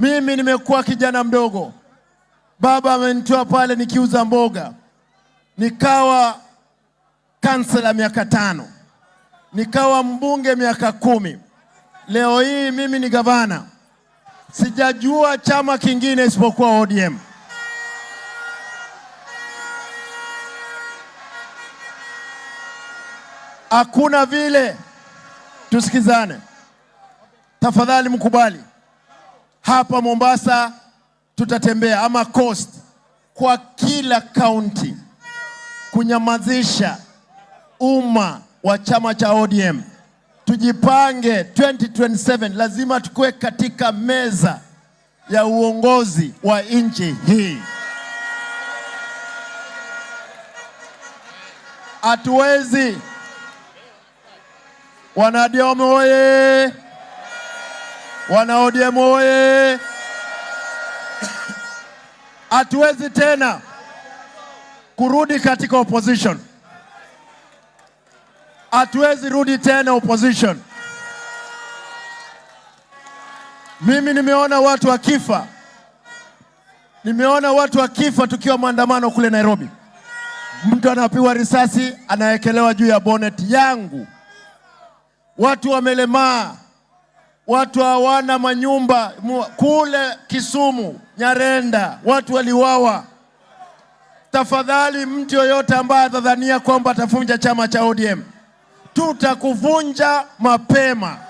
Mimi nimekuwa kijana mdogo, baba amenitoa pale nikiuza mboga, nikawa kansela miaka tano, nikawa mbunge miaka kumi. Leo hii mimi ni gavana, sijajua chama kingine isipokuwa ODM. Hakuna vile, tusikizane tafadhali, mkubali hapa Mombasa tutatembea ama Coast, kwa kila kaunti kunyamazisha umma wa chama cha ODM. Tujipange 2027 lazima tukue katika meza ya uongozi wa nchi hii. Hatuwezi, wanadiomo oye! Wana ODM oye! Hatuwezi tena kurudi katika opposition, hatuwezi rudi tena opposition. Mimi nimeona watu wakifa, nimeona watu wakifa tukiwa maandamano kule Nairobi, mtu anapigwa risasi, anaekelewa juu ya bonnet yangu, watu wamelemaa watu hawana manyumba kule Kisumu, Nyarenda, watu waliwawa. Tafadhali, mtu yoyote ambaye atadhania kwamba atavunja chama cha ODM, tutakuvunja mapema.